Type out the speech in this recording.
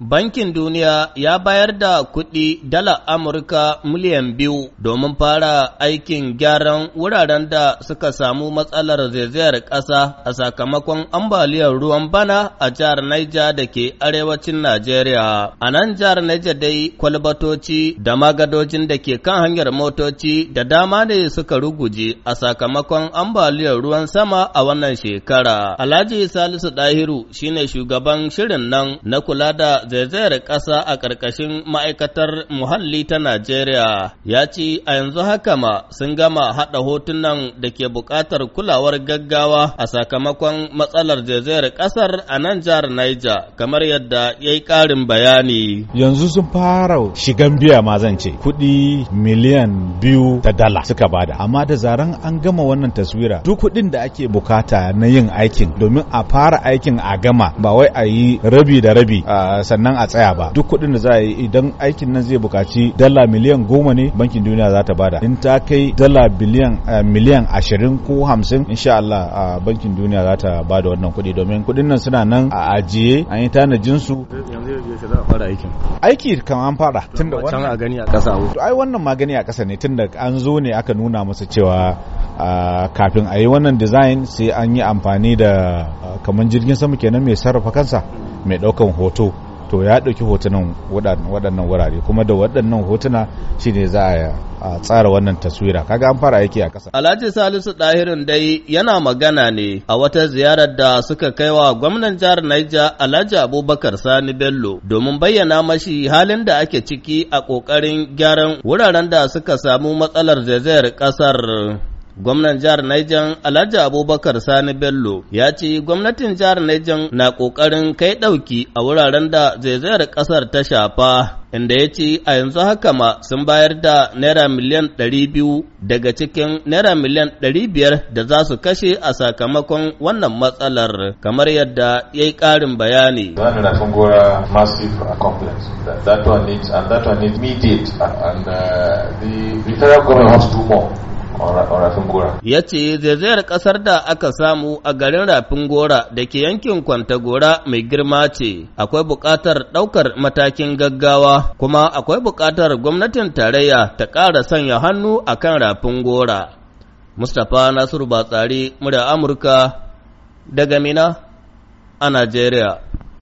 Bankin Duniya ya bayar da kuɗi dala Amurka miliyan biyu domin fara aikin gyaran wuraren da suka samu matsalar zaizayar ƙasa a sakamakon ambaliyar ruwan bana a jihar Niger da ke arewacin Najeriya. A nan jihar Niger dai kwalbatoci da magadojin da ke kan hanyar motoci da dama ne suka ruguje a sakamakon ambaliyar ruwan sama a wannan shekara. Alhaji Salisu Dahiru shine shugaban shirin nan na kula da zaizayar ƙasa a ƙarƙashin ma'aikatar muhalli ta Najeriya ya ci a yanzu haka ma sun gama haɗa hotunan da ke buƙatar kulawar gaggawa a sakamakon matsalar zaizayar ƙasar a nan jihar Niger kamar yadda ya yi ƙarin bayani. Yanzu sun fara shigan biya ma zan ce kuɗi miliyan biyu ta dala suka bada amma da zaran an gama wannan taswira duk kuɗin da ake bukata na yin aikin domin a fara aikin a gama ba wai a yi rabi da rabi a sannan a tsaya ba duk kuɗin da za a yi idan aikin nan zai buƙaci dala miliyan goma ne bankin duniya za ta bada in ta kai dala biliyan eh, miliyan ashirin ko hamsin insha Allah a bankin duniya za ta bada wannan kuɗi domin kuɗin nan suna nan a ajiye an yi tanajin su aiki kan an fara tun da wannan a gani a ƙasa To ai wannan ma gani a ƙasa ne tun da an zo ne aka nuna masa cewa kafin a yi wannan design sai an yi amfani da kamar jirgin sama kenan mai sarrafa kansa mai ɗaukan hoto to ya ɗauki hotunan waɗannan wurare kuma da waɗannan hotuna shine za a tsara wannan taswira kaga an fara aiki a ƙasa. Alhaji Salisu Ɗahirin dai yana magana ne a wata ziyarar da suka kai wa gwamnan jihar Naija Alhaji Abubakar Sani Bello domin bayyana mashi halin da ake ciki a ƙoƙarin gyaran wuraren da suka samu matsalar zaizayar ƙasar. Gwamnan jihar Niger Alhaji Abubakar Sani Bello ya ce gwamnatin jihar Niger na ƙoƙarin kai ɗauki a wuraren da zaizayar ƙasar ta shafa inda ya ce a yanzu haka ma sun bayar da naira miliyan ɗari biyu daga cikin naira miliyan ɗari biyar da za su kashe a sakamakon wannan matsalar kamar yadda ya yi ƙarin bayani. That one needs and that one needs Ya ce zaizayar ƙasar da aka samu a garin Rafin Gora da ke yankin Kwantagora mai girma ce, akwai buƙatar ɗaukar matakin gaggawa kuma akwai buƙatar gwamnatin tarayya ta ƙara sanya hannu a kan Rafin Gora. Mustapha Nasiru Batsari, murya Amurka, daga Mina a Najeriya.